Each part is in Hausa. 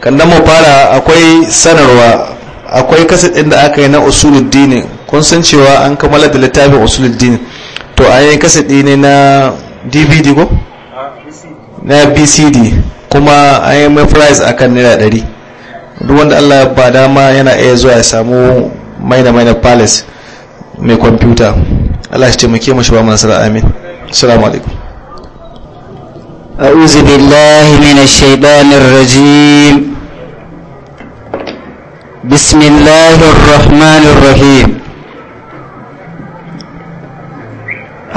kallon mu fara akwai sanarwa akwai ɗin da aka yi na usuluddini kun san cewa an kammala da littafin usuluddini to an yi kasadi ne na dvd ko? na bcd kuma an yi mai price akan naira ɗari duk wanda allah ba dama yana iya zuwa ya samu maina maina palace mai kwamfuta allah shi taimake mashi ba masu amin assalamu أعوذ بالله من الشيطان الرجيم بسم الله الرحمن الرحيم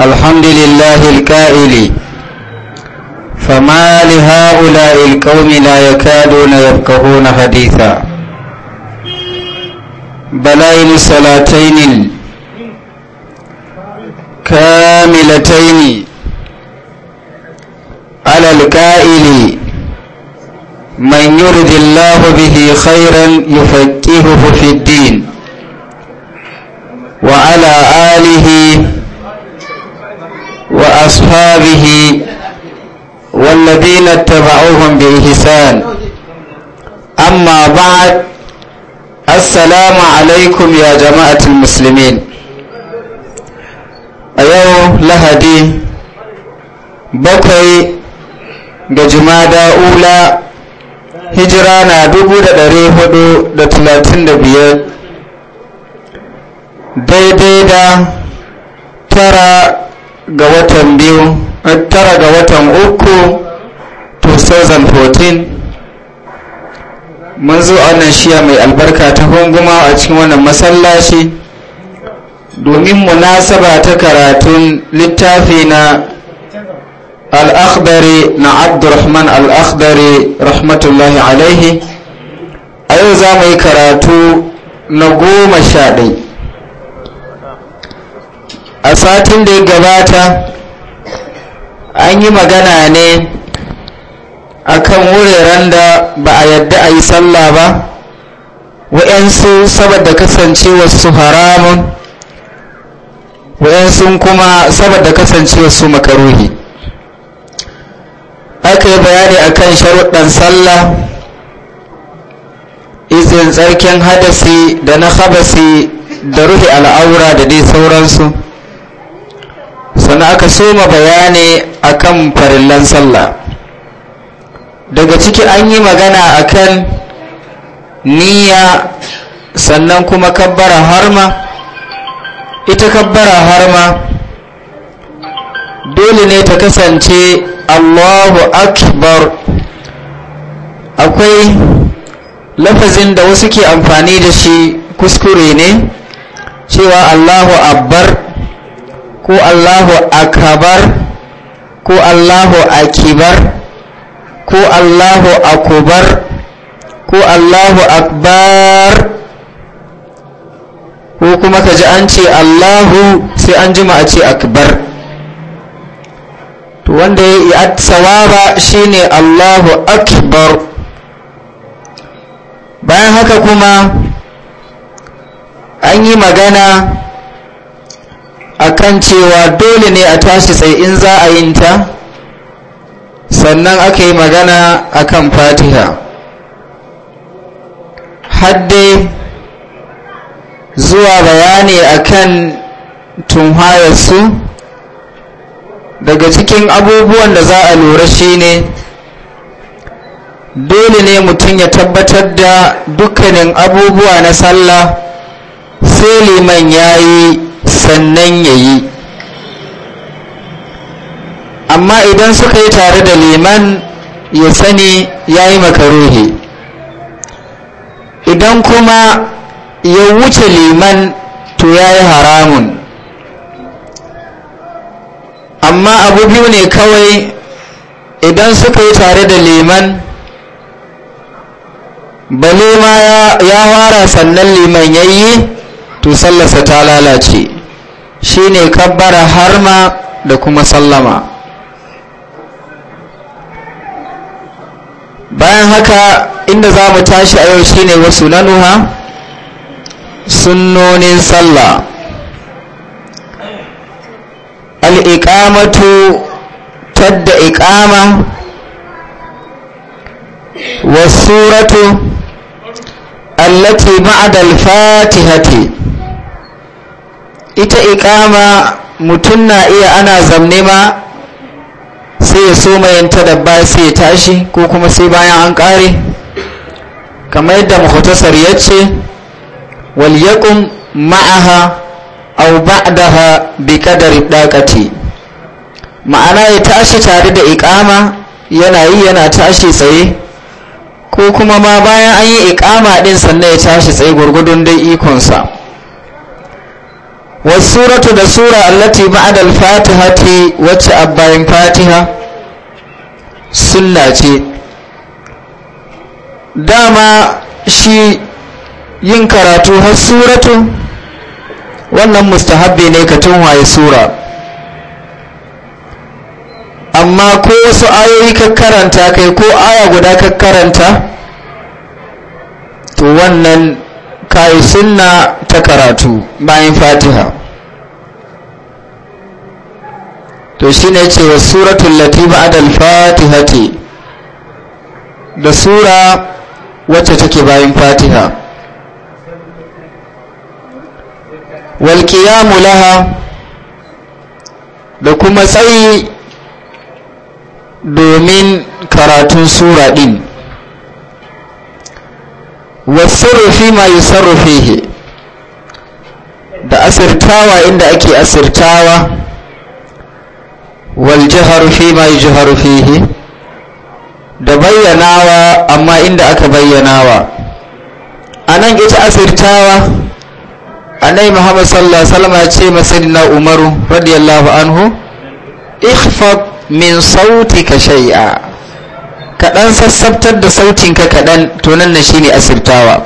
الحمد لله الكائل فما لهؤلاء القوم لا يكادون يفقهون حديثا بلائن صلاتين كاملتين على الكائل من يرد الله به خيرا يفكهه في الدين وعلى آله وأصحابه والذين اتبعوهم بإحسان أما بعد السلام عليكم يا جماعة المسلمين أيوه لهدي بكري ga jimada ula hijira na dubu da ɗari hudu da talatin da biyar daidai da tara ga watan biyu eh, tara ga watan uku 2014 mun zo wannan shiya mai albarka ta hunguma a cikin wannan masallaci domin munasaba ta karatun littafi na al'akhdari na abdurrahman al'akhdari rahmatullahi alaihi a yau za mu yi karatu na goma sha ɗai a satin da ya gabata an yi magana ne akan wuraren da ba a yadda a yi sallah ba wa'yansu saboda kasancewarsu haramun wa'yansu kuma saboda kasancewarsu makaruhi aka yi bayani akan sharuɗan sallah izin tsarkin hadasi da na habasi da ruhi al'aura da dai sauransu sannan aka soma bayani akan farillan sallah daga ciki an yi magana akan niyya sannan kuma kabbara harma ita kabbara harma dole ne ta kasance Allahu akbar akwai lafazin da wasu ke amfani da shi kuskure ne cewa Allahu abbar ko Allahu akabar ko Allahu akibar ko Allahu akubar ko Allahu akbar ko kuma ka ji an ce Allahu sai an jima a ce akbar wanda ya yi tsawaba shine Allahu akbar bayan haka kuma an yi magana a kan cewa dole ne a tashi sai in za a yi ta sannan aka yi magana a kan fatiha hadde zuwa bayani a akan su. daga cikin abubuwan da za a lura shi ne, dole ne mutum ya tabbatar da dukkanin abubuwa na sallah sai liman ya yi sannan ya yi amma idan suka yi tare da liman ya sani ya yi makaruhi idan kuma ya wuce liman to ya yi haramun amma abu biyu ne kawai idan suka yi tare da liman bale ma ya fara sannan liman ya yi to sallarsa ta lalace shi ne kabbara harma da kuma sallama bayan haka inda za mu tashi a yau shine wasu nanuha sunnonin sallah al'iƙamatu tadda iƙama wasuratu allati ma’adal fatihati ita iƙama mutum na iya ana zamne ma sai ya so mayanta da ba sai ya tashi ko kuma sai bayan an ƙare kamar yadda muhtasar ya ce wal ma'aha au ba'daha bi kadari dakati ma'ana ya tashi tare da iqama yana yi yana tashi tsaye ko kuma ma bayan an yi iqama din sannan ya tashi tsaye gurgudun dai ikonsa. sa suratu da sura allati ba'da al-fatihati wacce abbayin fatiha sunna ce dama shi yin karatu har suratu wannan mustahabbi ne ka tunwaye sura amma ko wasu ayoyi ka karanta kai ko aya guda ka karanta to wannan kayi sunna ta karatu bayan fatiha to shine ce wa suratun lati fatiha fatihati da sura wacce take bayan fatiha walƙiyamu laha da kuma tsayi domin karatun sura ɗin wasarrufi ma yi sarrufihi da asirtawa inda ake asirtawa waljiharu fi ma yi jiharu da bayyanawa amma inda aka bayyanawa a nan ita asirtawa annabi muhammad sallallahu alaihi wasallam ya ce masallina umaru radiyallahu anhu ikhfad min sautika shay'a kaɗan sassabtar da sautinka kaɗan to nan ne shine asirtawa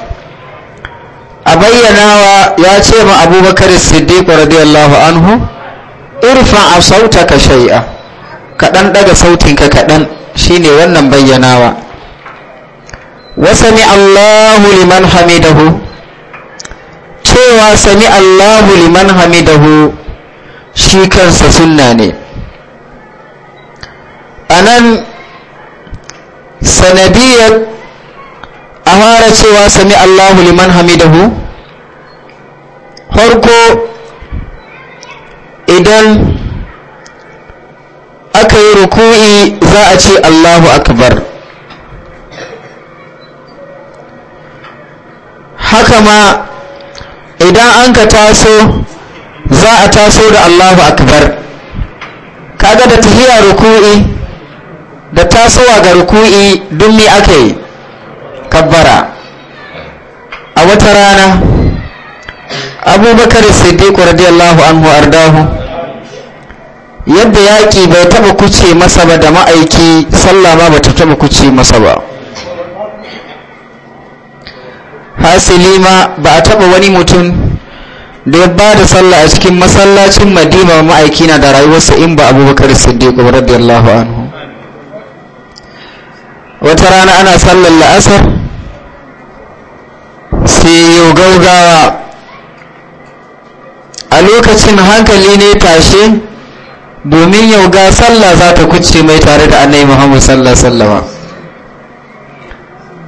a bayyanawa ya ce ma abubakar siddiq radiyallahu anhu irfa a sautaka shay'a kaɗan ɗaga sautinka kaɗan shine wannan bayyanawa wasami allahu liman hamidahu cewa sami Allahu liman hamidahu shi kansa sunna ne a nan sanadiyar a fara cewa sami Allahu liman hamidahu farko idan aka yi ruku'i za a ce Allahu akbar haka ma idan an ka taso za a taso da allahu akbar kaga da tafiya ruku'i da tasowa ga ruku'i duk me aka kabbara a wata rana abubakar siddiq radiyallahu anhu ardahu yadda yaƙi bai taba kuce masa ba da ma'aiki sallama ba ta taɓa kuce masa ba hasili ma ba a taɓa wani mutum da ya ba da sallah a cikin masallacin madina ma'aiki na da rayuwarsa in ba abubakar siddiq radiyallahu anhu wata rana ana sallar la'asar sai yau gaugawa a lokacin hankali ne tashe domin yau ga sallah za ta kuce mai tare da annai muhammadu sallah sallama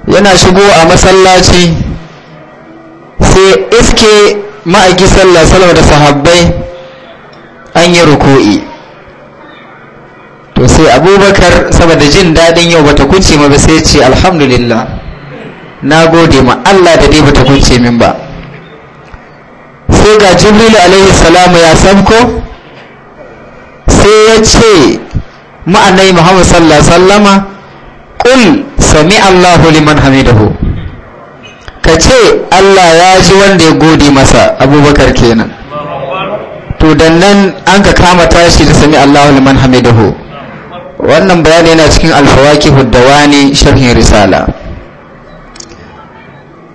yana shigo a masallaci sai iske ma'aiki sallah salama da sahabbai an yi ruku'i to sai abubakar saboda jin daɗin yau bata kunce ma ba sai ce alhamdulillah na gode ma allah da dai bata kunce min ba sai ga Jibril alaihi salamu ya sabko sai ya ce ma'anai muhammad sallah sallama ƙul sami allahu liman hamidahu ka ce Allah ya ji wanda ya gode masa abubakar kenan to dan nan an ka kama tashi da sami Allahu liman hamidahu wannan bayani yana cikin alfawaki huddawani sharhin risala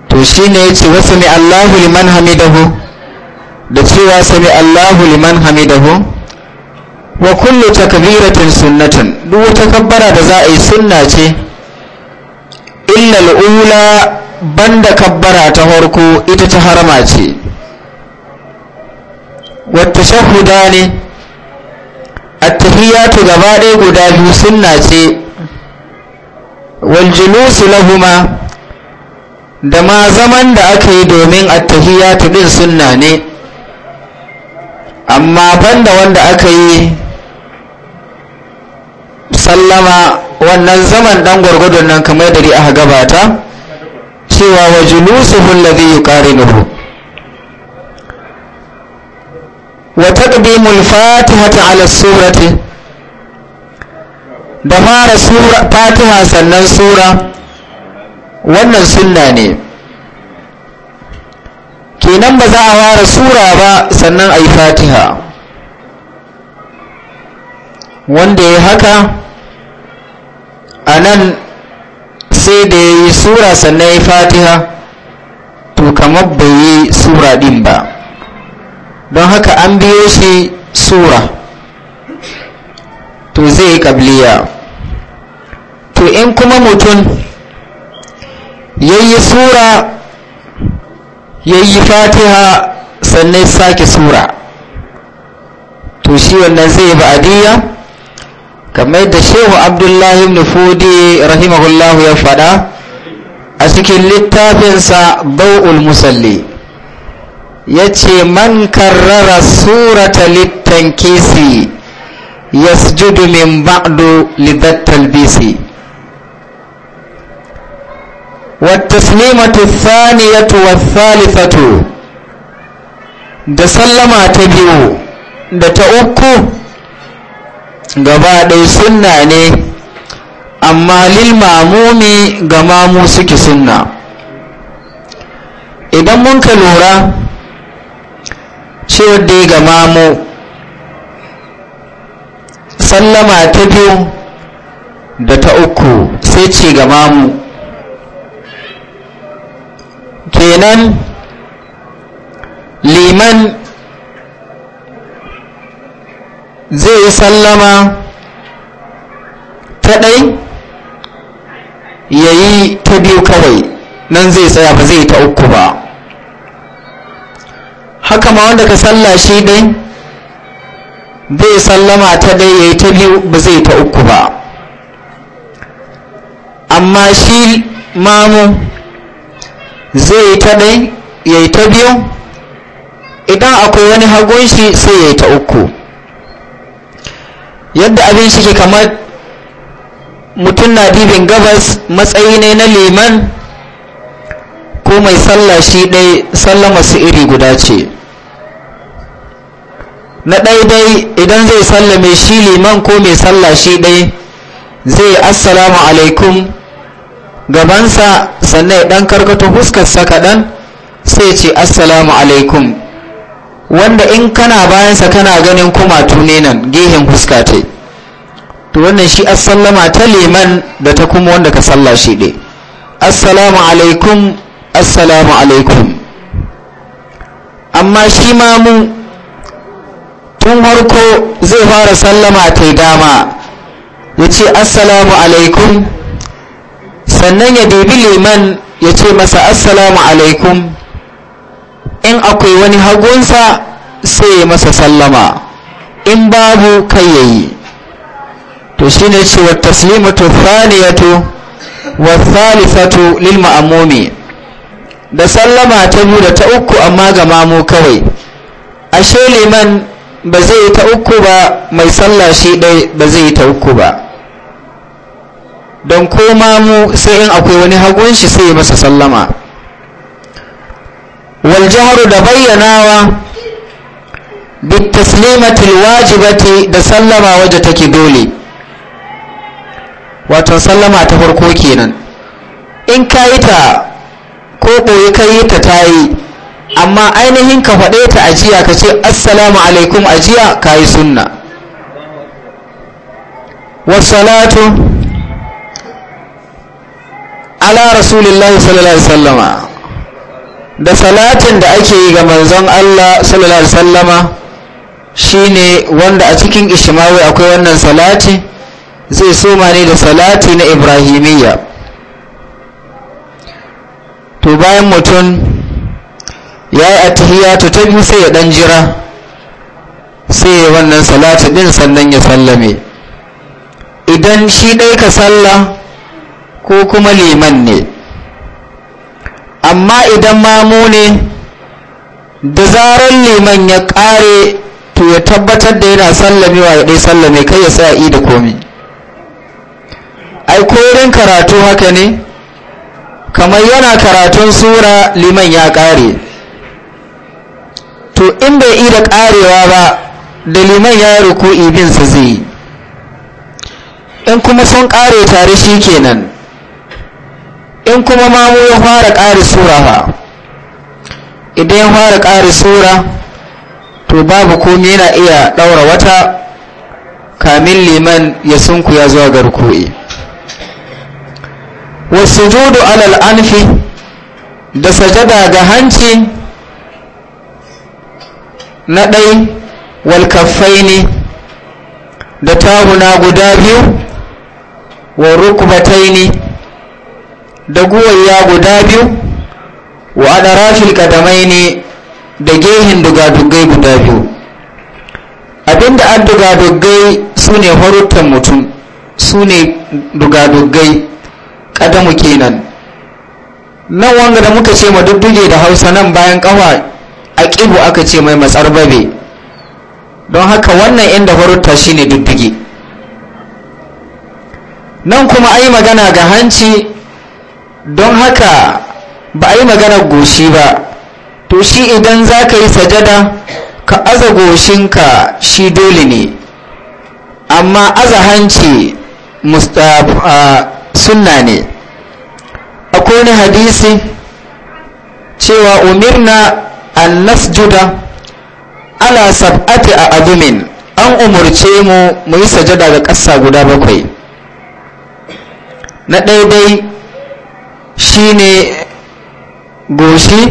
to shine yace wa sami Allahu liman hamidahu da cewa sami Allahu liman hamidahu wa kullu takbiratin sunnatun duk wata kabbara da za a yi sunna ce illa al'ula banda kabbara ta farko ita ta harma ce wata shahuda ne A ta gaba ɗaya guda biyu sunna ce waljulusu lahuma da ma zaman da aka yi domin a attahiyatu ɗin sunna ne amma banda wanda aka yi sallama wannan zaman ɗan gwargwadon nan kamar da a gabata cewa wa julusuhu alladhi yuqarinuhu wa taqdimu al-fatihata ala surati da fara sura fatiha sannan sura wannan sunna ne kenan ba za a fara sura ba sannan ayi fatiha wanda ya haka anan. nan sai da ya yi sura sannan ya fatiha to kamar bai yi sura din ba don haka an biyo shi sura to zai yi kabliya to in kuma mutum ya yi sura ya yi fatiha sannan sake sura to shi wannan zai yi ba'adiyya kamar da shehu abdullahi ibn fudi rahimahullahu ya fada a cikin littafinsa bau'ul musalli ya ce man karrara surata littan kisi ya sujudu min ba'du lidat talbisi ya الثانية والثالثة da sallama ta biyu da ta uku gaba ɗai sunna ne amma lil mamumi ga mamu suke sunna idan mun ka lura cewar dai ga mamu sallama ta biyu da ta uku sai ce ga mamu kenan liman zai yi sallama ta ɗai ya yi ta biyu kawai nan zai tsaya ba zai ta uku ba haka ma wanda ka salla shi ɗai zai sallama ta ɗai ya yi ta biyu ba zai ta uku ba amma shi mamu zai yi ta ɗai ya yi ta biyu idan akwai wani hagun shi sai ya yi ta uku yadda abin shi ke kamar mutum na dibin gabas matsayi ne na liman ko mai sallah shi ɗai sallah masu iri guda ce na dai idan zai sallame shi liman ko mai sallah shi ɗai zai assalamu alaikum gabansa sannan ɗan karkato fuskarsa kaɗan sai ce assalamu alaikum wanda in kana bayansa kana ganin kuma tune nan gehen fuska ta to wannan shi assalama ta liman da ta kuma wanda ka salla shi ɗe assalamu alaikum assalamu alaikum amma shi ma mu tun harko zai fara sallama ta dama ya ce assalamu alaikum sannan ya debi liman ya ce masa assalamu alaikum in akwai wani hagunsa sai ya masa sallama in babu kai ya yi. to shi ce wa taslimatu faniyatu wa thalithatu lil ma'mumi da sallama ta biyu da ta uku amma ga mamu kawai ashe liman ba zai yi ta uku ba mai sallah shi dai ba zai yi ta uku ba don ko mamu sai in akwai wani hagun shi sai ya masa sallama wal jahru da bayyanawa bit taslimati wajibati da sallama waje take dole wato sallama ta farko kenan in ka yi ta ko ɓoye kai yi ta ta yi amma ainihin ka faɗe ta jiya ka ce assalamu alaikum ajiya ka yi sunna wasalatu ala rasulillahi sallallahu alaihi wasallama da salatin da ake yi ga manzon Allah sallallahu alaihi wasallama shine wanda a cikin ishmawi akwai wannan salati zai soma ne da salati na ibrahimiyya to bayan mutum ya yi attahiyatu ta biyu sai ya dan jira sai ya wannan salati din sannan ya sallame idan shi dai ka salla ko kuma liman ne amma idan mamu ne da zarar liman ya ƙare to ya tabbatar da yana sallamewa ya ɗai sallame kai ya sa da komi ai korin karatu haka ne kamar yana karatun sura liman ya ƙare to in bai yi da ƙarewa ba da liman ya ruku ibinsa zai in kuma sun ƙare tare shi kenan in kuma mamu ya fara ƙari sura ba idan ya fara ƙari sura to babu komi yana iya ɗaura wata kamin liman ya sunku ya zuwa garko'i wasu judu alal anfi da sajada ga hanci na ɗai walkaffai ne da tawuna guda biyu wa rukubatai ne da guwayya guda biyu wa rafin kadamai ne da gehin dugadugai guda biyu abinda an dugadugai su ne haruttan mutum su ne dugadugai kadamu kenan nan wanga da muka ce ma dudduge da hausa nan bayan kawa a ƙibu aka ce mai matsar babe don haka wannan inda shi ne dudduge nan kuma ayi magana ga hanci don haka ba a yi maganar goshi ba to shi idan za ka yi sajada ka aza goshinka shi dole ne amma aza hanci sunna ne akwai wani hadisi cewa umirna an nasjuda ala sab'ati a azumin an umarce mu mu yi sajada ga ƙasa guda bakwai na daidai. shine goshi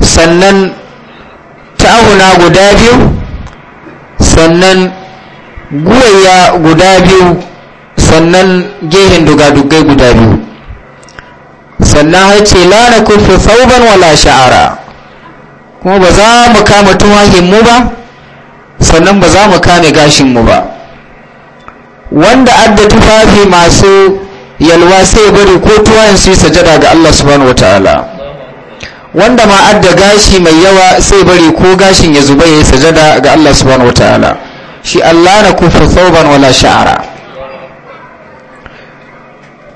sannan ta'ahuna guda biyu sannan guwaya guda biyu sannan gehen dugadugai guda biyu sannan har ce lana kufi sauban wala sha'ara kuma ba za mu kama mu ba sannan ba za mu kame gashin mu ba wanda adda tufafi masu yalwa sai bari ko tuwayen su yi sajada ga Allah subhanahu wataala wanda ma adda gashi mai yawa sai bari ko gashin ya zuba ya yi sajada ga Allah subhanahu wataala shi Allah na kufa sauban wala sha'ara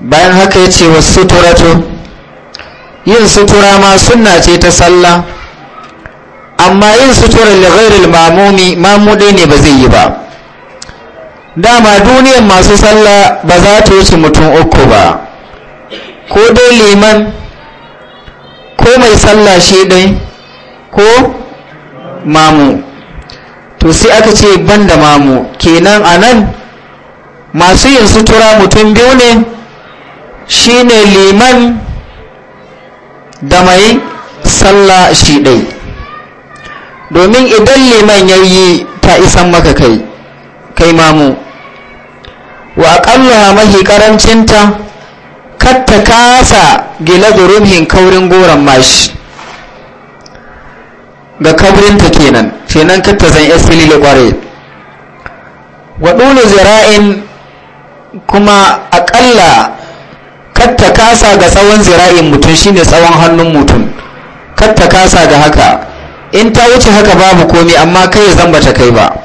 bayan haka ya ce wa suturatu yin sutura ma sunna ce ta sallah amma yin sutura li ghairil mamumi mamudai ne ba zai yi ba dama duniyar masu sallah ba za ta wuce mutum uku ba ko dai liman ko mai sallah shi dai ko mamu to sai aka ce ban da mamu kenan a nan masu yin sutura mutum biyu ne shi ne liman da mai sallah shi ɗai domin idan liman ya yi ta isan maka kai kai mamu wa aƙalla mahi ƙarancinta katta kasa gila durumhin kaurin goron mashi ga kaurinta kenan kenan katta zan iya da ƙware wa ɗulu zira'in kuma aƙalla katta kasa ga tsawon zira'in mutum shine tsawon hannun mutum katta kasa ga haka in ta wuce haka babu komi amma kai zan bata kai ba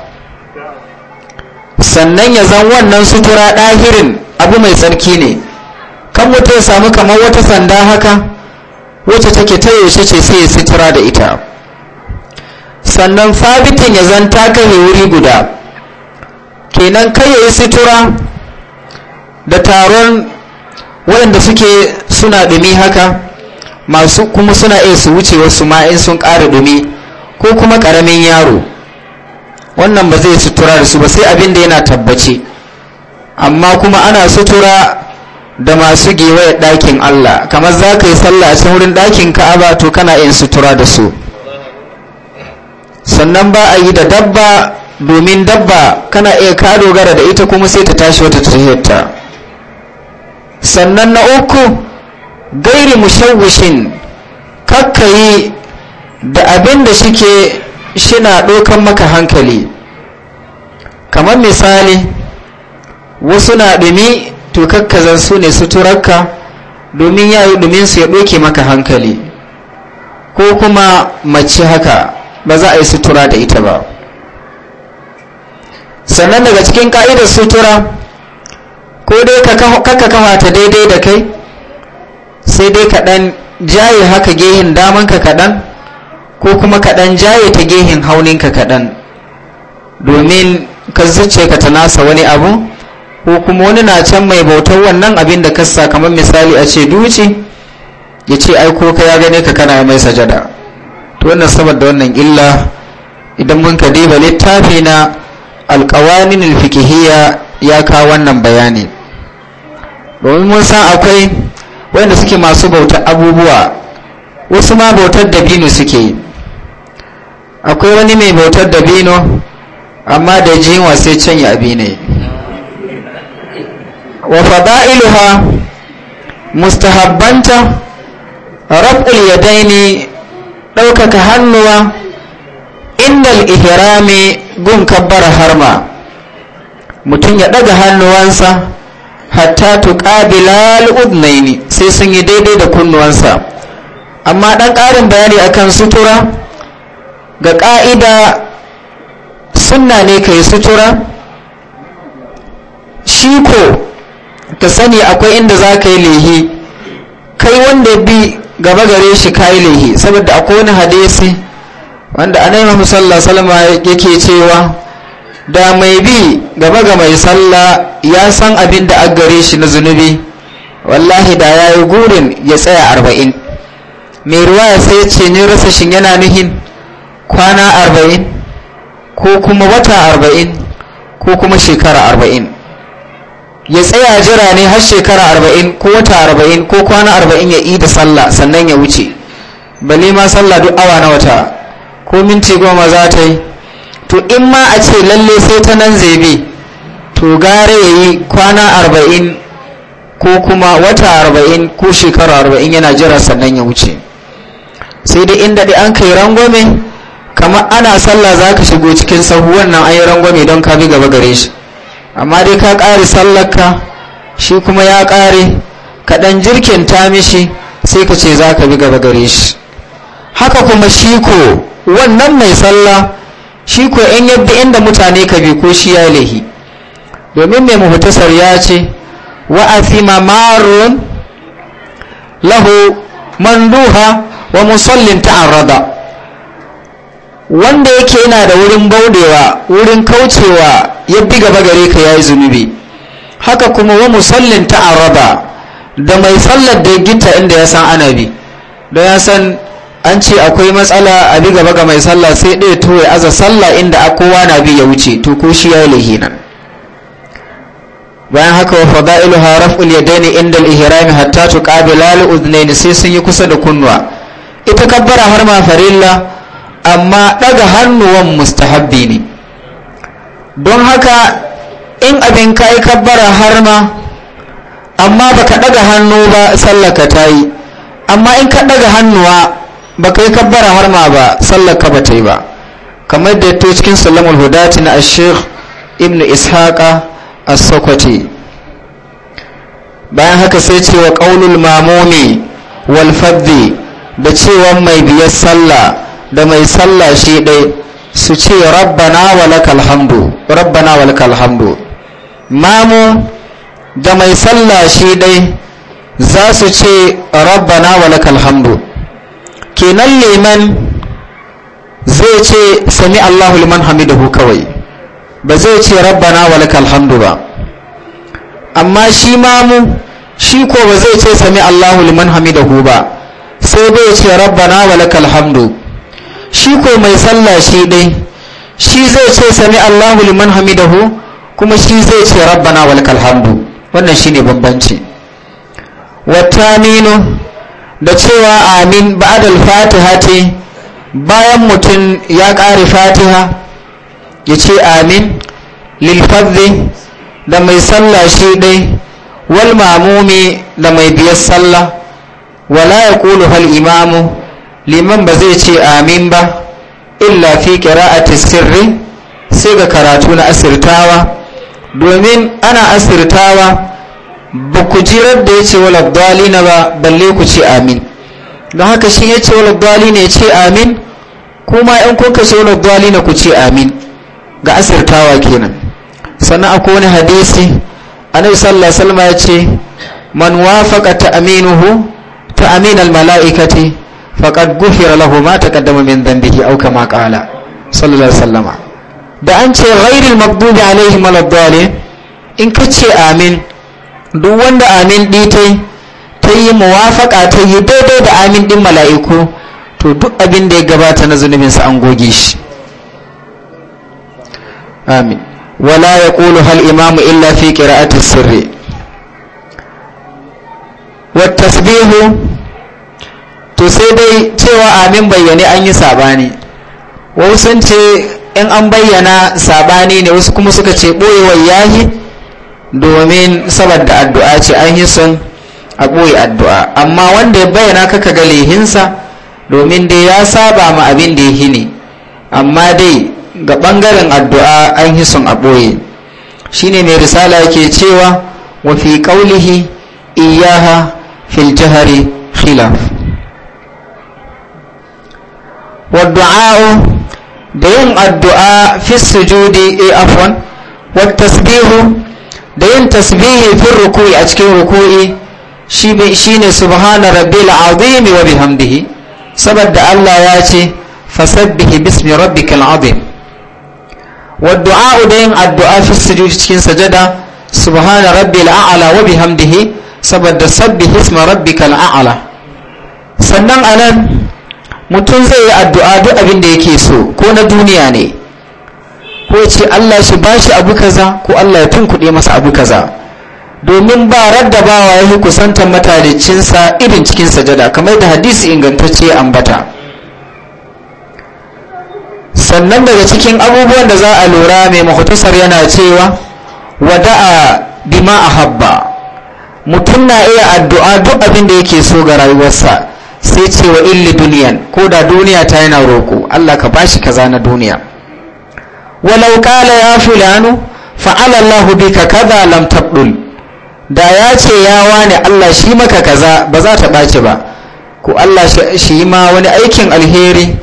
sannan ya zan wannan sutura ɗahirin abu mai tsarki ne kan mutu ya samu kamar wata sanda haka wacce take ta yaushe ce sai ya sutura da ita sannan fabitin ya zan takahe wuri guda kenan kai ya yi sutura da taron waɗanda suke suna ɗumi haka masu kuma suna iya su wuce wasu ma in sun ƙara ɗumi ko kuma ƙaramin yaro wannan ba zai sutura da su ba sai abin da yana tabbaci amma kuma ana sutura da masu gewaye ɗakin Allah kamar za ka yi sallah a cikin wurin ɗakin ka'aba to kana yin sutura da su sannan ba a yi da dabba domin dabba kana iya ka dogara da ita kuma sai ta tashi wata tahiyarta sannan na uku gairi mushawwishin kakkayi da abin da shike shina ɗokan maka hankali kamar misali wasu na ɗumi to kakkazan su ne suturarka domin yi ɗumin su ya ɗauke maka hankali ko kuma mace haka ba za a yi sutura da ita ba sannan daga cikin ƙa'idar sutura ko dai kakka kawa ta daidai da kai sai dai kaɗan jaye haka gehin damanka kaɗan ko kuma kaɗan jaye ta gehen hauninka kaɗan domin ka zuce ka ta nasa wani abu ko kuma wani na can mai bautar wannan abin da kasa kamar misali a ce duci ya ce ai ko ka ya gane ka kana mai sajada to wannan saboda wannan illa idan mun ka diba littafi na alƙawanin alfikihiyya ya kawo wannan bayani domin mun san akwai wanda suke masu bautar abubuwa wasu ma bautar dabino suke yi akwai wani mai bautar da bino amma da jinwa sai canya abi ne wa fada'iluha mustahabbanta rab'ul yadaini daukaka hannuwa innal ihrami gun kabbara harma mutum ya ɗaga hannuwansa hatta tuqabila al-udnaini sai sun yi daidai da kunnuwansa amma ɗan ƙarin bayani akan sutura ga ƙa'ida sunna ne ka yi sutura shi ko ka sani akwai inda za ka yi lehi kai wanda bi gaba gare shi ka yi lehi saboda akwai wani hadisi wanda anai mahu sallah salama yake cewa da mai bi gaba ga mai salla ya san abin da aka gare shi na zunubi wallahi da ya yi gurin ya tsaya arba'in mai ruwa ya sai ce ne rasa shin yana nuhin kwana arba'in ko kuma wata arba'in ko kuma shekara arba'in ya tsaya jira ne har shekara arba'in ko wata arba'in ko kwana arba'in ya yi da sallah sannan ya wuce bale ma sallah duk awa na wata ko minti goma za ta yi to in ma a ce lalle sai ta nan zebe to gare ya yi kwana arba'in ko kuma wata arba'in ko shekara arba'in yana jira sannan ya wuce sai dai inda dai an kai rangwame kamar ana sallah za ka shigo cikin sahu wannan an yi rangwame don ka bi gaba gare shi amma dai ka ƙare sallarka shi kuma ya ƙare ka ɗan ta mishi sai ka ce za ka bi gaba gare shi haka kuma shi ko wannan mai sallah shi ko in yadda inda mutane ka bi ko shi ya lahi domin mai muhtasar ya ce wa athima marun lahu manduha wa musallin ta'arrada wanda yake yana da wurin baudewa wurin kaucewa ya bi gaba gare ka ya yi zunubi haka kuma wa musallin araba da mai sallar da gita inda ya san bi da ya san an ce akwai matsala a bi gaba ga mai sallah sai ɗaya to ya aza sallah inda a kowa na bi ya wuce to ko shi ya yi lahina bayan haka wa fada'ilu haraful yadaini inda al-ihrami hatta tuqabila al-udhnayn sai sun yi kusa da kunnuwa ita kabbara har ma farilla amma daga hannuwan mustahabbi ne don haka in abin ka yi kabbara har ma amma baka daga hannu ba sallaka ta yi amma in ka daga hannuwa baka yi kabbara har ma ba sallaka ba ta yi ba kamar da ta cikin salamul hudati na ashir ibn ishaqa as-sokoto bayan haka sai cewa ƙaunul mamuni wal da cewa mai biyar sallah da mai sallah shi ɗai su ce rabbana walakal hamdu rabbana walakal hamdu mamu da mai sallah shi ɗai za su ce rabbana walakal hamdu kenan liman zai ce sami allahu liman hamiduhu kawai ba zai ce rabbana walakal hamdu ba amma shi mamu shi ko ba zai ce sami allahu liman hamiduhu ba sai bai ce rabbana walakal hamdu shi ko mai sallah shi dai shi zai ce sami Allahu liman hamidahu kuma shi zai ce rabbana walakal hamdu wannan shine bambanci wataminu da cewa amin fatiha ce bayan mutum ya kare fatiha ya ce amin lil da mai sallah shi dai wal mamumi da mai biyar sallah wala yaqulu hal imamu liman ba zai ce amin ba illa fi kira'ati sirri sai ga karatu na asirtawa domin ana asirtawa ba ku jirar da ya ce wala ba balle ku ce amin don haka shi ya ce wala ya ce amin kuma yan kuka ce wala ku ce amin ga asirtawa kenan sannan akwai wani hadisi annabi sallallahu alaihi wasallam ya ce man wafaqa aminuhu ta aminal malaikati faqad ghufira lahu ma taqaddama min dhanbihi aw kama qala sallallahu alaihi da an ce ghairil maghdubi alaihim waladdallin in ka ce amin duk wanda amin ɗi ta yi muwafaka ta yi daidai da amin din mala'iku to duk abin da ya gabata na zunubinsa an goge shi amin wala ya ƙulu hal imamu illa fi ƙira'atar sirri wa tasbihu to sai dai cewa amin bayyane an yi sabani wasu sun ce in an bayyana sabani ne wasu kuma suka ce ya yahi domin saboda addu'a ce an yi sun a ɓoye addu'a amma wanda ya bayyana kaka ga lehinsa domin dai ya saba ma abin da ya hini amma dai ga ɓangaren addu'a an yi sun a ɓoye shine mai risala ke cewa wa fi ƙaulihi iyaha fil jihari khilaf wadda'a'u da yin addu’a fi sujudi a eh, afon wadda tasbihu da yin tasbihi fi rukui a cikin rukui shi ne subhana rabbi al’adimi wa bihamdihi saboda Allah ya ce fasabbihi bismi rabbi kal’adim wadda'a'u da yin addu’a fi sujudi cikin sajada subhana rabbi al’a'ala wa bihamdihi saboda sabbihi bismi rabbi sannan a mutum zai yi addu'a duk abin da yake so ko na duniya ne ko ce Allah shi ba shi abu kaza ko Allah ya tun kuɗe masa abu kaza domin ba raddabawa ya fi kusantar matalicinsa irin cikin sajada kamar da hadisi ingantacce ambata sannan daga cikin abubuwan da za a lura mai mahutasar yana cewa wada'a bima a habba mutum na iya addu'a duk abin da yake so ga rayuwarsa sai ce wa illi duniyan ko da duniya ta yana roƙo Allah ka bashi kaza na duniya walau qala ya fulanu fa'ala Allah bika kaza lam tabdul da ya ce ya wane Allah shi maka kaza ba za ta ɓaci ba ko Allah shi ma wani aikin alheri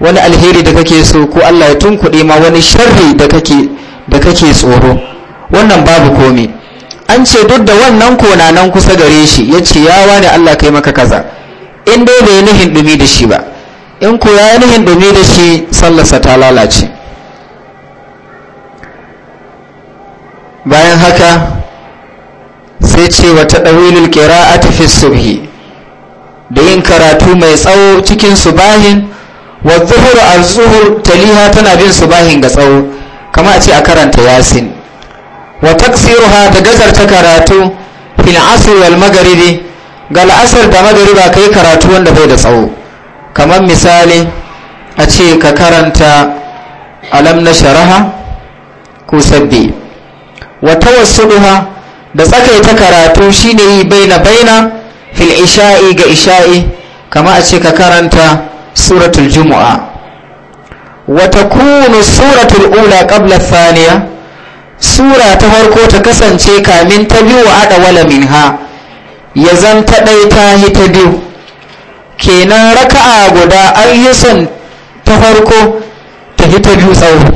wani alheri da kake so ko Allah ya tun kuɗi ma wani sharri da kake tsoro wannan babu komi an ce duk da wannan kona nan kusa gare shi ya ce ya wane Allah kai maka kaza in dai bai nihin dumi da shi ba in ko ya nihin dumi da shi sallarsa ta lalace bayan haka sai ce wata ta ɗawilul qira'ati fi subhi da yin karatu mai tsawo cikin subahin wa zuhur a zuhur taliha tana bin subahin ga tsawo kama a ce a karanta yasin wa taksiruha da gazarta karatu fil asr wal ga la'asar da magariba ka yi karatu wanda bai da tsawo kamar misali a ce ka karanta alam na sharaha ko sabbi wata wasu duha da tsakaita karatu shine yi baina baina fil isha'i ga isha'i kama a ce ka karanta suratul jumu'a wata kunu suratul ula qabla thaniya sura ta farko ta kasance kamin ta biyu a wala ha ya zan ta ɗai ta yi ta biyu kenan raka'a guda an son ta farko ta yi ta biyu tsawo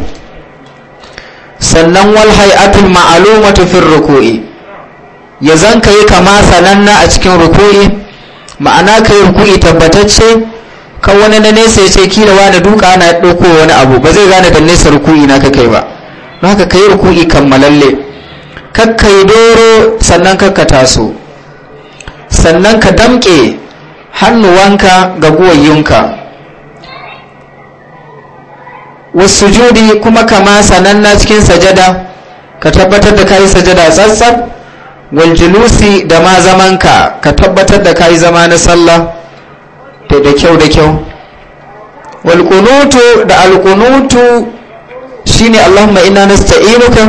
sannan wal hay'atul ma'lumatu fin ruku'i ya zan ka yi kama sananna a cikin ruku'i ma'ana ka yi ruku'i tabbatacce kan wani na nesa ya ce kila wani duka na ɗauko wani abu ba zai gane da nesa ruku'i na ka kai ba don ka yi ruku'i kammalalle kakka yi doro sannan kakka taso sannan ka damƙe hannuwanka ga guwayyunka wasu judi kuma kama sananna cikin sajada ka tabbatar da kayi sajada tsatsar waljulusi da ma zamanka ka tabbatar da kayi zama na sallah da kyau da kyau walƙunutu da alƙunutu shine allahumma ina nasta'inuka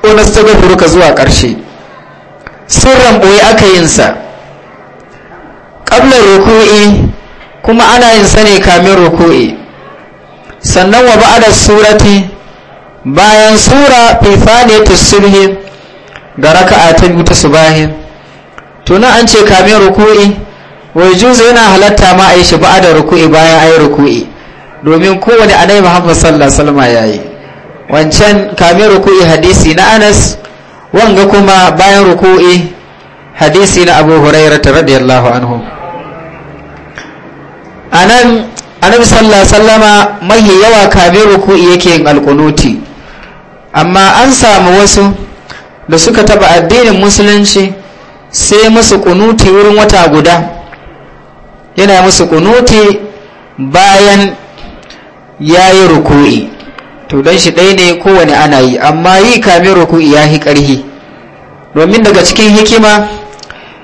ko nastaghfiruka zuwa ƙarshe sirran boye aka yin sa ƙablar ruku'i kuma ana yin sa ne kamin ruku'i sannan wa ba'da surati bayan sura fi fadiyatu sulhi ga raka'a ta biyu ta subahi tuna an ce kamin ruku'i wai juzu yana halatta ma a yi shi ba'da da ruku'i bayan a yi ruku'i domin kowane anai muhammad sallallahu alaihi ya wancan kamin ruku'i hadisi na anas wanga kuma bayan ruku'i hadisi na abu huraira ta radiyallahu anhu a nan annabi sallama mahi yawa kamin ruku'i yake yin alkunuti amma an samu wasu da suka taba addinin musulunci sai musu kunuti wurin wata guda yana musu kunuti bayan ya yi ruku'i to dan shi ɗaya ne kowane ana yi amma yi kamin ruku'i ya hi ƙarhi domin daga cikin hikima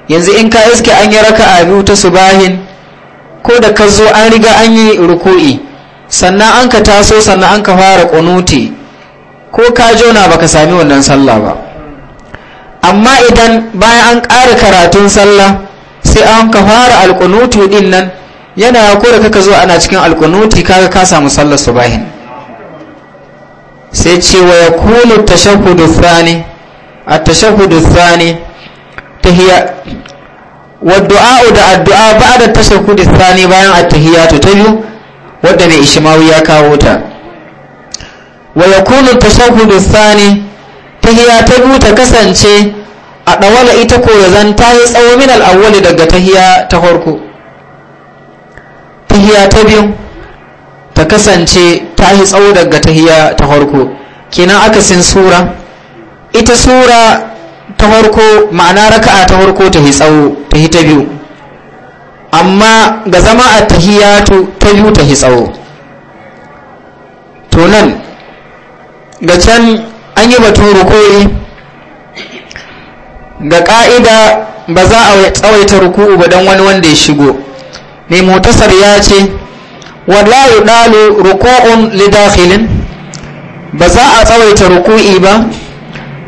yanzu in ka iske an yi raka a biyu ta subahin ko da ka zo an riga an yi ruku'i sannan an ka taso sannan an ka fara ƙunuti ko ka jona baka sami wannan sallah ba amma idan bayan an ƙara karatun sallah sai an ka fara alƙunuti din nan yana ko da ka zo ana cikin alƙunuti kaga ka samu sallar subahin sai ce wa ya kulu tashahudu thani a tashahudu thani tahiyya wa du'a'u da addu'a da tashahudu thani bayan at-tahiyyatu ta biyu wadda mai ishimawu ya kawo ta wa ya kulu tashahudu thani tahiyya ta biyu ta kasance a ɗawala ita ko ya zan ta yi tsawo min al'awwali daga tahiya ta farko tahiya ta biyu ta kasance ta yi tsawo daga tahiya ta farko kenan akasin sura ita sura ta farko ma'ana raka'a ta farko ta yi tsawo ta yi ta biyu amma ga zama a tahiyatu ta biyu ta yi tsawo to nan ga can an yi batun rukoyi ga ka'ida ba za a tsawaita ruku'u ba don wani wanda ya shigo ne motasar ya ce wala ɗalu ruku'un lidakhilin ba za a tsawaita ruku'i ba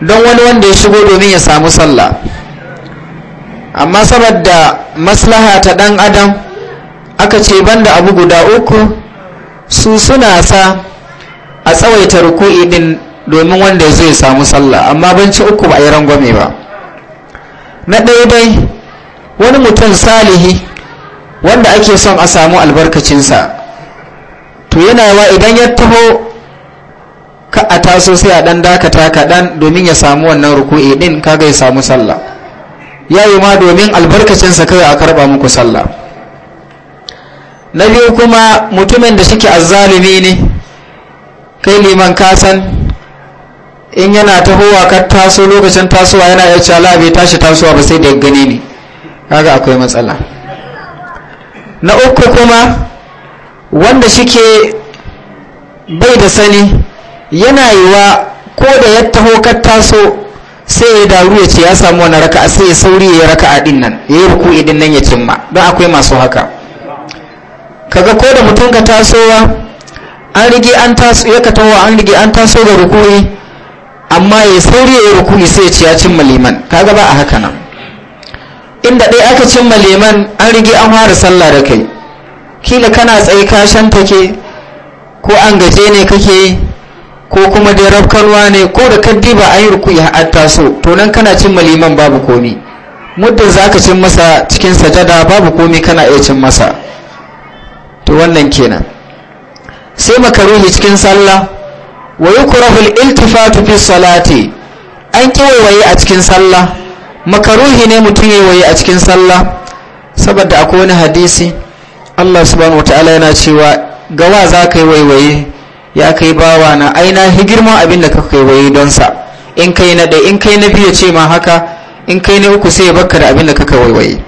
don wani wanda ya shigo domin ya samu sallah amma saboda maslaha ta ɗan adam aka ce banda abu guda uku su suna sa a tsawaita ruku'i din domin wanda zai samu sallah amma banci uku ba a yi rangwame ba na ɗaya dai wani mutum salihi wanda ake son a samu albarkacinsa to yana yawa idan ya taho ka a taso sai a ɗan dakata kaɗan domin ya samu wannan ruku'i din kaga ya samu sallah ya yi ma domin albarkacinsa kawai a karɓa muku sallah na biyu kuma mutumin da shike azzalumi ne kai liman kasan in yana tahowa ka taso lokacin tasowa yana ya cala bai tashi tasowa ba sai da gani ne kaga akwai matsala na uku kuma wanda shike bai da sani yana wa ko da ya taho ka taso sai ya daru ya ce ya samu wani raka a sai ya sauri ya raka a din nan ya yi ruku idin nan ya cimma don akwai masu haka kaga ko da mutum ka tasowa an rige an taso ya ka taho an rige an taso ga ruku'i amma ya sauri ya yi ruku'i sai ya ce ya cimma liman kaga ba a haka nan inda ɗaya aka cimma liman an rige an fara sallah da kai kila kana tsaye kashen take ko an gaje ne kake ko kuma dai rafkanwa ne ko da kaddi ba an yi rukuyi har taso to nan kana cin maliman babu komi muddin za ka cin masa cikin sajada babu komi kana iya cin masa to wannan kenan sai makaruhi cikin sallah wa yukrahu al-iltifatu fi salati an waye a cikin sallah makaruhi ne mutum waye a cikin sallah saboda akwai wani hadisi Allah subhanahu wataala yana cewa gawa za ka yi waiwaye ya kai bawa na aina hi girma abin da ka waiwaye don sa in kai na ɗaya in kai na biyu ce ma haka in kai na uku sai ya bakka da abin da ka waiwaye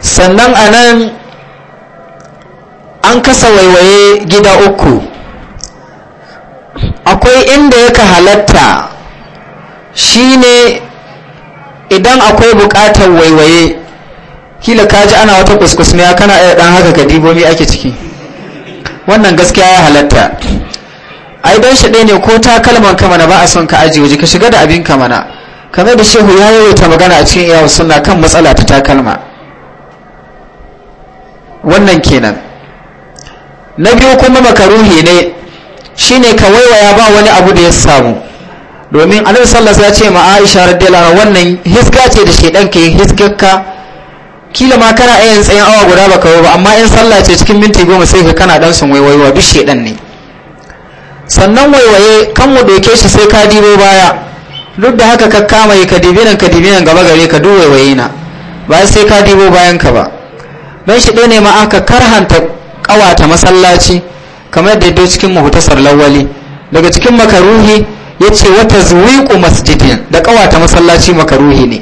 sannan a nan an kasa waiwaye gida uku akwai inda yaka halatta shine idan akwai bukatar waiwaye kila ka ji ana wata kuskusmiya kana iya dan haka ka ake ciki wannan gaskiya ya halatta ai dan shi ne ko ta kalman ka mana ba a son ka aji waje ka shiga da abin ka mana kamar da shehu ya yi yawaita magana a cikin iyawa sunna kan matsala ta takalma wannan kenan na biyu kuma makaruhi ne shine ka waiwaya ba wani abu da ya samu domin annabi sallallahu ya ce ma Aisha radiyallahu anha wannan hisga ce da shedan ke hisgarka kila ma kana iya tsayin awa guda baka ba amma in sallah ce cikin minti goma sai ka kana dan sun wa bishe dan ne sannan waiwaye kan mu doke shi sai ka dibo baya duk da haka ka kama ka dibi nan ka dibi nan gaba gare ka duk waiwaye na ba sai ka dibo bayan ka ba dan shi ne ma aka karhanta kawata masallaci kamar da yadda cikin muhtasar lawali daga cikin makaruhi yace wata zuwiqu masjidin da kawata masallaci makaruhi ne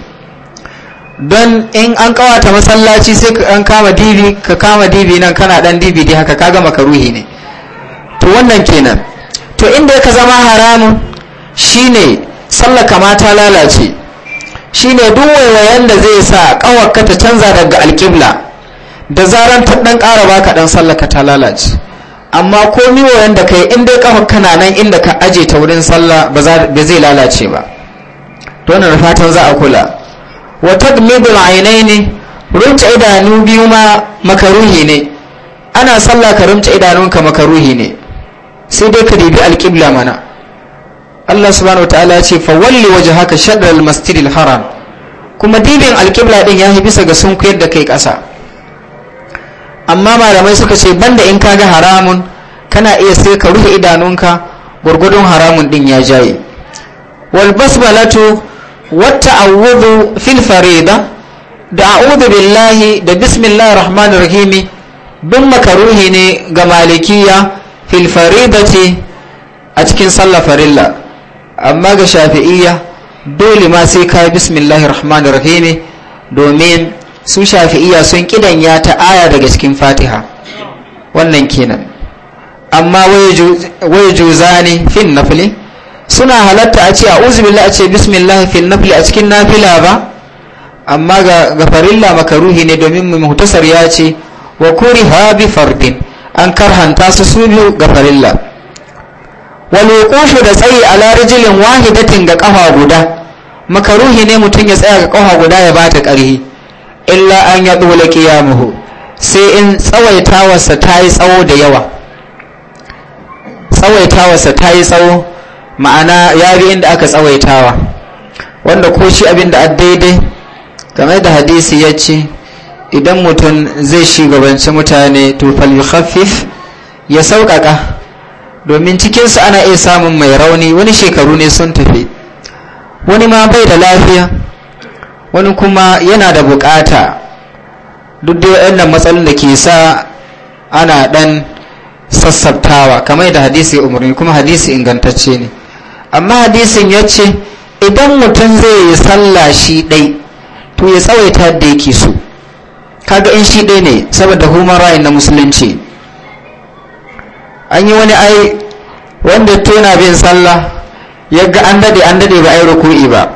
don in an kawata masallaci sai ka an kama dibi ka kama dibi nan kana dan dibi dai haka kaga makaruhi ne to wannan kenan to inda ka zama haramun shine sallar kamata lalace shine duk wayoyin da zai sa kawarka ta canza daga alƙibla da zaran ta dan ƙara baka dan sallaka ta lalace amma ko ni wayoyin da kai in dai kana nan inda ka aje ta wurin sallah ba zai lalace ba to wannan fatan za a kula wa tadmidul ainaini rumta idanu biyu ma makaruhi ne ana sallah ka rumta idanunka makaruhi ne sai dai ka dibi alƙibla mana Allah subhanahu wataala ya ce fa walli wajhaka shatr al haram kuma dibin alƙibla din yayi bisa ga sun yadda kai ƙasa amma malamai suka ce banda in kaga haramun kana iya sai ka rufe idanunka gurgudun haramun din ya jaye wal basbalatu Wata في الفريضة da a'udhu billahi da bismillahir rahman rahimi bin makaruhi ne ga malikiya fil ce a cikin sallah farilla amma ga shafi'iyya dole ma sai kai bismillahir rahman rahimi domin su shafi'iyya sun kidanya ta aya daga cikin fatiha wannan kenan amma waye juzani fin nafli suna halatta a ce a uzubillah a ce bismillah fil nafli a cikin nafila ba amma ga gafarilla makaruhi ne domin mai mutasar ya ce wa ha bi fardin an karhanta su su biyu gafarilla wani kushe da tsayi a larijilin wahidatin ga kafa guda makaruhi ne mutum ya tsaya ga kafa guda ya bata ƙarhi. illa an ya dole sai in tsawaitawarsa ta yi tsawo da yawa tsawaitawarsa ta tsawo ma'ana ya bi inda aka tsawaitawa wanda ko shi abin da daidai game da hadisi ya ce idan mutum zai shigabanci mutane to falhafif ya sauƙaƙa domin cikinsu ana iya samun mai rauni wani shekaru ne sun tafi wani ma bai da lafiya wani kuma yana da bukata duk da wannan matsalolin da ke sa ana dan sassabtawa kamar da hadisi umarni kuma hadisi ingantacce ne amma hadisin ya ce idan mutum zai yi sallah shi ɗai to ya tsawaita da yake so kaga in shi ɗai ne saboda human right na musulunci an yi wani ai wanda tona bin sallah ya ga an daɗe an daɗe ba a yi ruku'i ba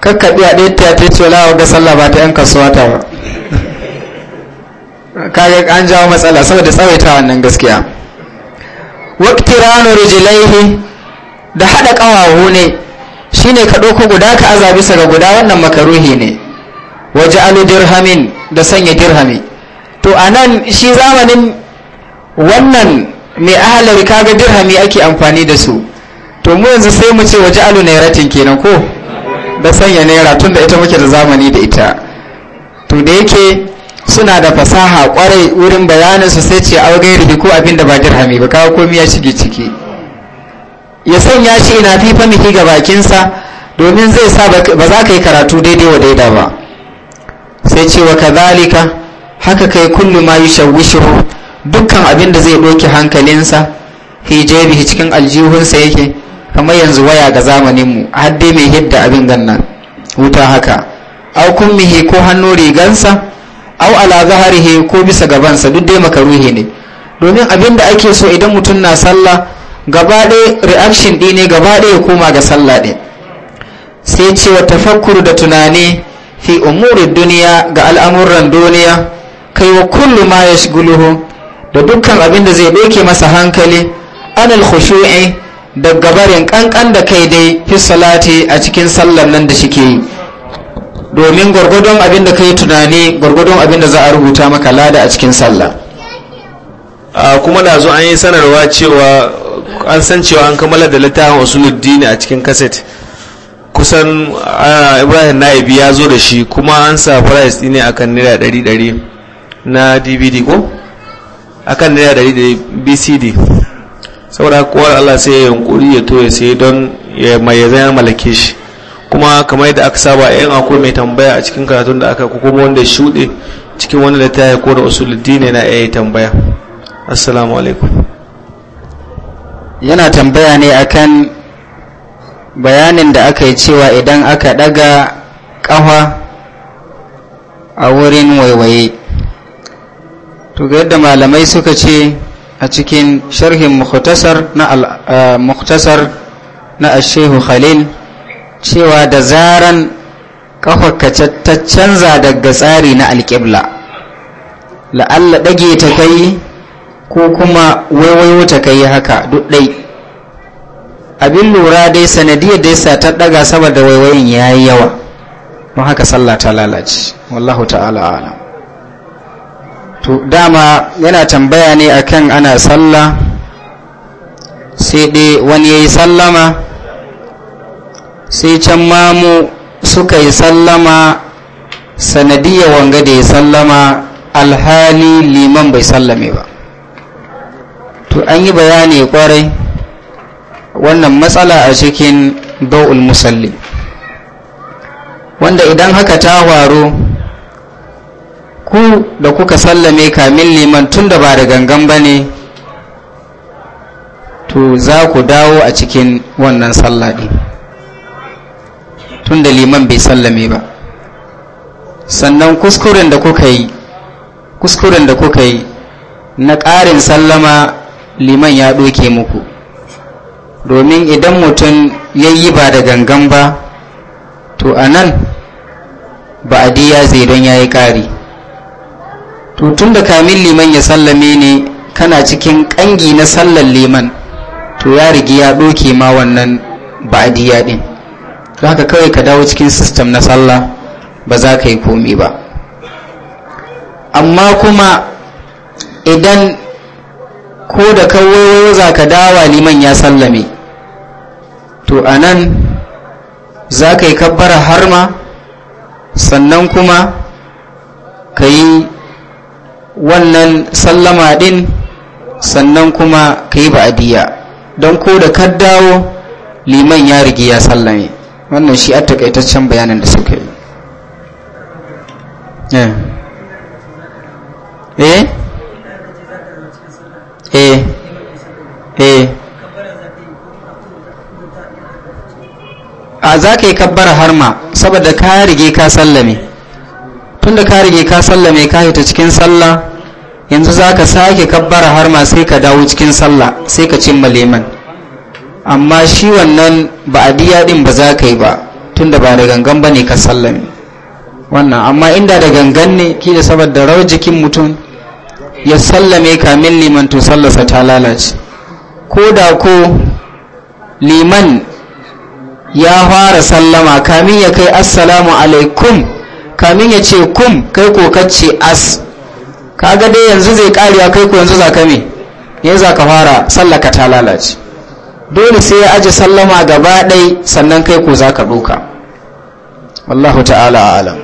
kakkaɓe a ɗaya ta ta ce wa ga sallah ba ta yan kasuwa ta ba kaga an jawo matsala saboda tsawaita wannan gaskiya waqtiranu rijlaihi da haɗa ƙawahu ne shine ka ɗauko guda ka aza bisa ga guda wannan makaruhi ne waje alu dirhamin da sanya dirhami to a nan shi zamanin wannan mai ahalar kaga dirhami ake amfani da su to mu yanzu sai mu ce waje alu nairatin kenan ko da sanya naira tunda ita muke da zamani da ita to da yake suna da fasaha kwarai wurin bayanin su sai ce augairi ko abin da ba dirhami ba kawo komai ya shige ciki ya sanya shi ina fifa miki ga bakinsa domin zai sa ba za ka yi karatu daidai wa daida ba sai cewa wa zalika haka kai kullu ma yushawwishuhu dukkan abin da zai ɗauki hankalinsa hijabi cikin aljihunsa yake kamar yanzu waya ga zamaninmu har dai mai hidda abin gannan wuta haka au kummihi ko hannu rigansa au ala zaharihi ko bisa gabansa duk dai makaruhi ne domin abin da ake so idan mutum na sallah gaba ɗaya reaction ɗi ne gaba ɗaya koma ga sallah ɗin sai cewa wa tafakkur da tunani fi umurin duniya ga al'amuran duniya kai wa kullu ma ya da dukkan abin da zai ɗauke masa hankali anal khushu'i da gabarin ƙanƙan da kai dai fi salati a cikin sallar nan da shike yi domin gwargwadon abin da ka tunani gwargwadon abin da za a rubuta maka lada a cikin sallah kuma da zo an yi sanarwa cewa an san cewa an kammala da littafin usuluddini a cikin kaset kusan ibrahim na'ibi ya zo da shi kuma an sa price ne akan naira ɗari-ɗari na dvd ko akan naira ɗari-ɗari bcd saboda kowar allah sai ya yunkuri ya to ya sai don ya mai zai malake shi kuma kamar yadda aka saba yan akwai mai tambaya a cikin karatun da aka kuma wanda shuɗe cikin wani da ta ko da usuluddini na iya tambaya assalamu alaikum yana tambaya ne akan bayanin da aka yi cewa idan aka daga kafa a wurin waiwaye to ga yadda malamai suka ce a cikin sharhin mukhtasar na mukhtasar ashehu khalil cewa da zaran ka ta canza daga tsari na alƙibla la'alla ɗage ta kai ko kuma wata ka yi haka duk ɗai abin lura dai sanadiyar dai sa ta ɗaga saboda waiwayin ya yi yawa don haka sallah ta lalace wallahu ta'ala alam to dama yana tambaya ne akan ana sallah sai dai wani ya yi sallama sai can mamu suka yi sallama sanadiyar wanga da ya sallama alhali liman bai sallame ba to an yi bayani kwarai wannan matsala a cikin ba'ul musalli wanda idan haka ta waro ku da kuka sallame kamin liman tun da ba da gangan ba ne to za ku dawo a cikin wannan sallah tun da liman bai sallame ba sannan kuskuren da kuka yi kuskuren da kuka yi na ƙarin sallama liman ya ɗoke muku domin idan mutum ya yi ba da gangan ba to a nan ba a diya zai don ya yi ƙari to tun da kamin liman ya sallame ne kana cikin ƙangi na sallan liman to ya rigi ya ɗoke ma wannan ba a diya ɗin to haka kawai ka dawo cikin sistem na sallah ba za ka yi komi ba amma kuma idan ko da kawai za ka dawa liman ya sallame to a nan za ka yi kabbara harma sannan kuma ka yi wannan sallama din sannan kuma ka yi ba'adiyya don ko da ka dawo liman ya rigi ya sallame wannan shi a takaitaccen bayanin da suka yi eh, eh? Eh. eh a za ka yi kabbar harma saboda ka rige ka sallame tun da ka rige ka sallame ka hita cikin sallah yanzu za ka sake kabbar harma sai ka dawo cikin sallah sai ka cimma leman amma shi wannan ba a biya din ba za ka yi ba tun da ba da gangan ba ne ka sallame wannan amma inda da gangan ne da saboda rawar jikin mutum ya sallame kamin liman to sallasa ta lalace ko da ko liman ya fara sallama kamin ya kai assalamu alaikum kamin ya ce kum kai ko kacce as kaga dai yanzu zai kariya kai ko yanzu za ka me yanzu ka fara sallaka ta lalace dole sai ya aji sallama gaba ɗai sannan kai ko za ka ɗauka Allahu ta'ala alam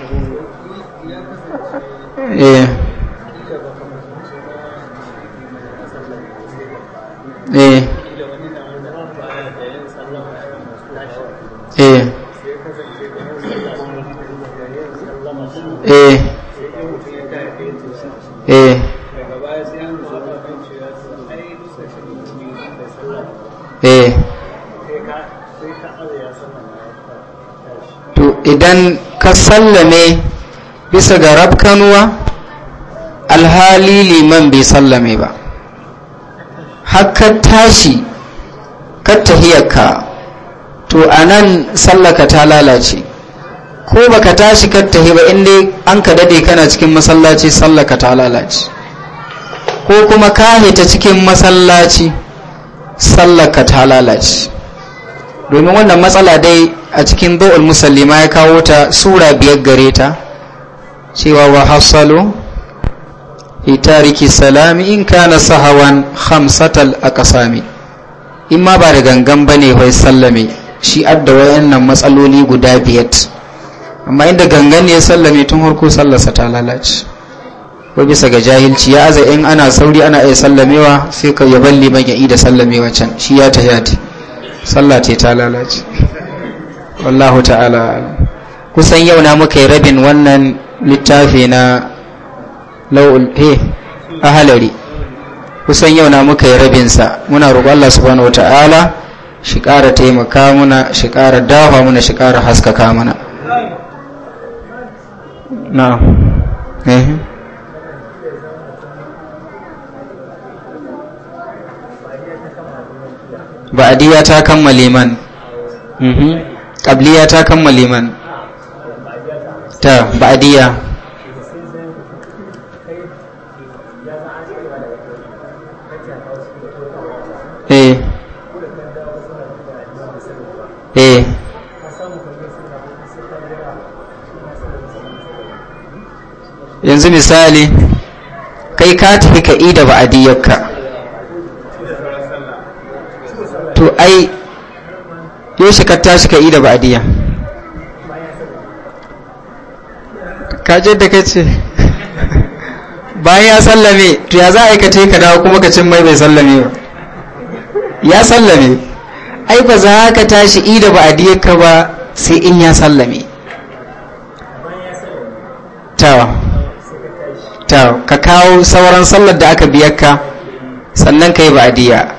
yeah. Eh. Eh. Eh. eh to idan ka sallame bisa ga rabkanuwa alhali liman bai sallame ba haka tashi kattahiyarka to a nan sallaka ta lalace ko baka tashi kattahi ba inda an ka dade kana cikin masallaci sallaka ta lalace ko kuma ka cikin masallaci sallaka ta lalace domin wannan matsala dai a cikin zo'ul musallima ya kawo ta sura biyar gare ta cewa wa hasalu litariki salami in kana sahawan khamsatal akasami in ma ba da gangan ba ne wai sallame shi adda wayannan matsaloli guda biyat amma inda gangan ne ya sallame tun harko sallarsa ta lalace ko bisa ga jahilci ya aza in ana sauri ana iya sallamewa sai ka ya balli mai da sallamewa can shi ya ta yadi. sallah ce ta lalace wallahu ta'ala kusan yau na muka yi rabin wannan littafi na lawul eh, a kusan yau na muka yi rabinsa muna roƙon Allah subhanahu wata'ala shi ƙara taimaka muna shi ƙara dafa muna shi ƙara haskaka muna na eh. ba'adiyya ta kammala man ƙabliya mhm. qabliya ta kammala man ta ba'adiyya eh eh yanzu misali kai ka tafi ka ida ba'adiyyarka to ai yaushe ka tashi ka ida ba'adiyya ka je da ka ce bayan ya sallame to ya za a aikace ka dawo kuma ka cin mai bai sallame ba ya sallame ai ba za ka tashi ida ba adiyarka ba sai in ya sallame ta ta ka kawo sauran sallar da aka biyar ka sannan ka yi ba adiya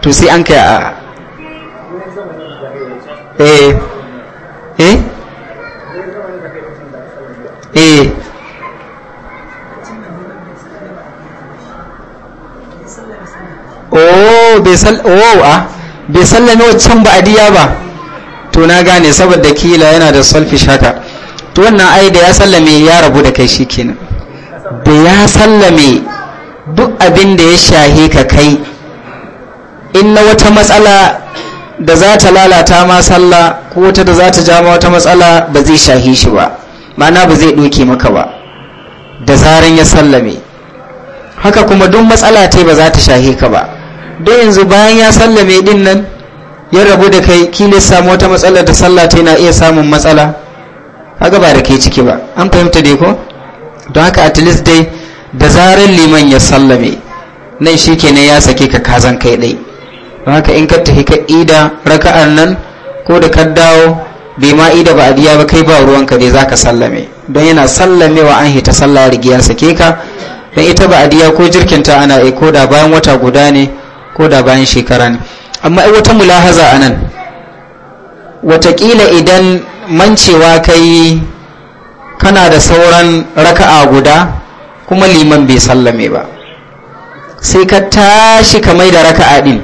to sai an kai a eh eh eh oh, oh ah, bai sallame waccan ba'adiya ba to na gane saboda kila yana da selfish haka to wannan ai da ya sallame ya rabu da kai shikenan da ya sallame duk abin da ya shahe ka kai in na wata matsala da za ta lalata ma sallah ko wata da za ta jama wata matsala ba zai shahi shi ba ma'ana ba zai ɗoke maka ba da zaran ya sallame haka kuma duk matsala ta ba za ta shahe ka ba don yanzu bayan ya sallame din nan ya rabu da kai kila samu wata matsalar da sallah ta yana iya samun matsala kaga ba da kai ciki ba an fahimta dai ko don haka at least dai da zarar liman ya sallame nan shikenan ya sake ka kazan kai dai don haka in ka tafi ka ida raka'ar nan ko da ka dawo bai ma ida ba adiya ba kai ba ruwanka dai zaka sallame don yana sallamewa an hita sallah rigiya sake ka don ita ba adiya ko jirkinta ana iko da bayan wata guda ne ko da bayan shekara ne amma ai wata mulahaza a nan watakila idan mancewa kai kana da sauran raka'a guda kuma liman bai sallame ba sai ka tashi ka mai da raka'a din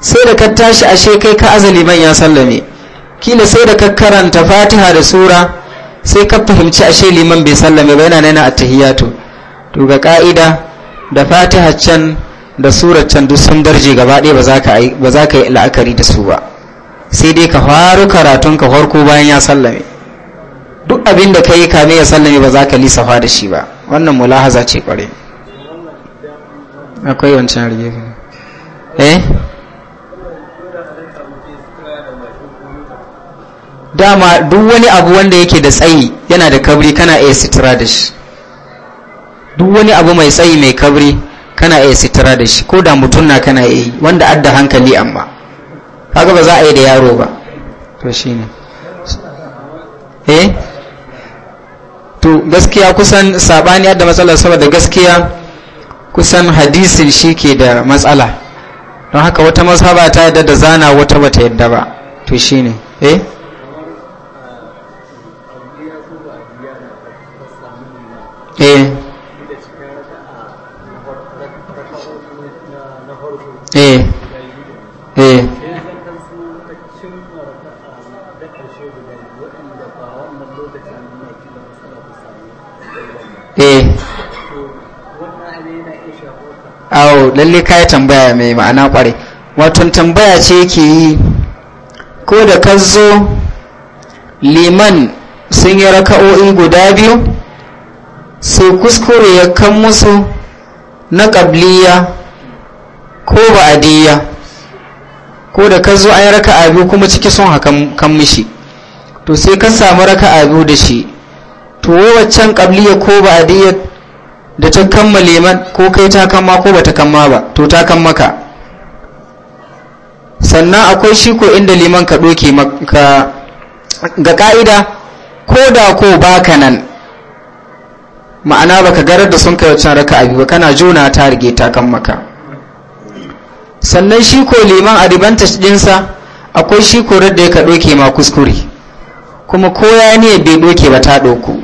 sai da ka tashi ashe kai ka aza liman ya sallame kila sai da ka karanta fatiha da sura sai ka fahimci ashe liman bai sallame ba yana nana attahiyatu to ga ka'ida da fatiha can da surar can duk sun darje gaba ɗaya ba za ka yi la'akari da su ba sai dai ka faru karatun ka farko bayan ya sallame duk abin da ka yi kame ya sallame ba za ka lisafa da shi ba wannan mulahaza ce kware akwai wancan rige eh dama duk wani abu wanda yake da tsayi yana da kabri kana iya sitira da shi duk wani abu mai tsayi mai kabri kana iya sitira da shi ko da mutum na kana iya yi wanda adda hankali amma kaga ba za a yi da yaro ba to shine eh to gaskiya kusan sabani adda matsala saboda gaskiya kusan hadisin shi ke da matsala don haka wata masaba ta yadda da zana wata bata yadda ba to shine eh eh Eh. Eh. Eh. awo lalle ka tambaya mai ma'ana kware Wato tambaya ce ke yi ko da ka zo liman sun yi raka'o'i guda biyu sai kuskure ya kan musu na ƙabliya ko ba'adiyya ko da ka zo an raka abu kuma ciki sun hakan kan mishi to sai ka samu raka abu da shi to waccan kabliya ko ba'adiyya da ta kammale man ko kai ta kamma ko ba ta kamma ba to ta kan maka sannan akwai shi ko inda liman ka doke maka ga ka'ida ko da ko baka nan ma'ana baka garar da sun kai waccan raka'a ba kana jona ta rige ta kan maka sannan shi ko liman ribanta dinsa akwai shi korar da ya ka ma kuskure kuma ko ya ne bai ɗauke ba ta ɗauku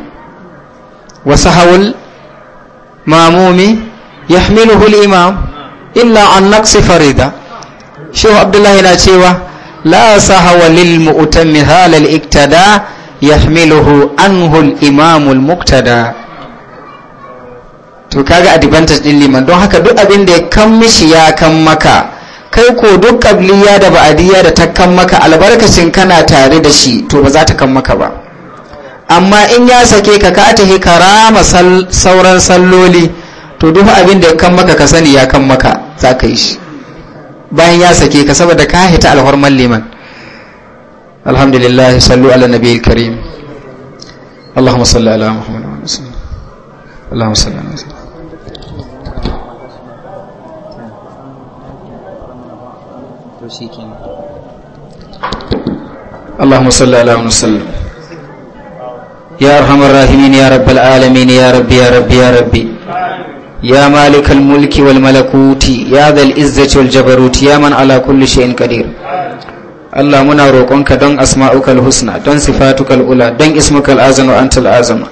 wasu hawul mamomi ya hamilu imam illa an naksi farida shehu abdullahi na cewa la sahawa lil mu'tammi halal iktada yahmiluhu anhu al imamul muktada to kaga advantage din liman don haka duk abin da ya kan mishi ya kan maka kai ko duk kabliya da ba'adiyya da ta kan maka albarkacin kana tare da shi to ba za ta kan maka ba amma in ya sake ka ka ta hikarama sauran salloli to duk abin da ya kan maka ka sani ya kan maka za ka yi shi bayan ya sake ka saboda ka hita alhorman liman alhamdulillah sallu ala nabiyil karim اللهم صل على محمد وعلى اللهم صل على محمد to shi kenan Allahumma salli ala musallim ya arhamar rahimin ya rabbal alamin ya rabbi ya rabbi ya rabbi ya يا مالك الملك والملكوت يا ذا العزة والجبروت يا من على كل شيء قدير Allah muna roƙonka don asma'ukal husna don sifatukal ula don ismukal azam wa antal azama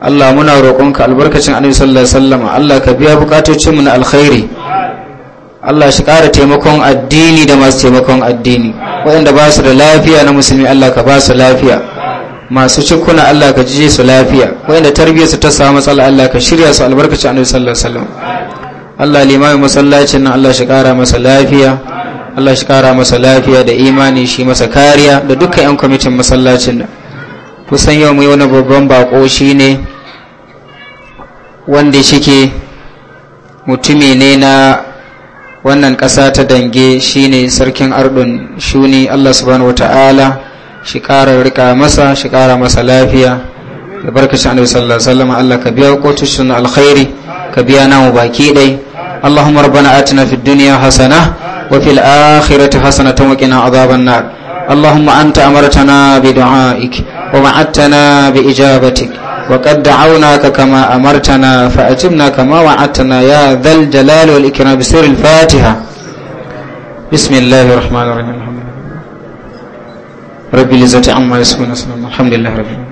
Allah muna roƙonka albarkacin Annabi sallallahu alaihi wasallam Allah ka biya bukatocin mu na alkhairi Allah shi ƙara taimakon addini da masu taimakon addini waɗanda ba su da lafiya na musulmi Allah ka ba su lafiya masu cikuna Allah ka jije su lafiya waɗanda tarbiyyarsu ta samu matsala Allah ka shirya su albarkaci a nufin sallar. wasallam Allah limamin masallacin nan Allah shi ƙara masa lafiya Allah shi ƙara masa lafiya da imani shi masa kariya da dukkan 'yan kwamitin masallacin nan kusan yau mu yi wani babban bako shi ne wanda shike mutumi ne na wannan ƙasa ta dange shine sarkin ardun shuni Allah subhanahu ta'ala shi ƙara rika masa shi ƙara masa lafiya da barkacin annabi sallallahu alaihi wasallam Allah ka biya tushin alkhairi ka biya namu baki dai Allahumma rabbana atina fid dunya hasana wa fil akhirati hasanatan wa qina adhaban nar Allahumma anta amartana bi du'aik wa ma'atana bi ijabatik وقد دعوناك كما أمرتنا فأتمنا كما وعدتنا يا ذا الجلال والإكرام بسور الفاتحة بسم الله الرحمن الرحيم رب العزة عما يصفون الحمد لله رب العالمين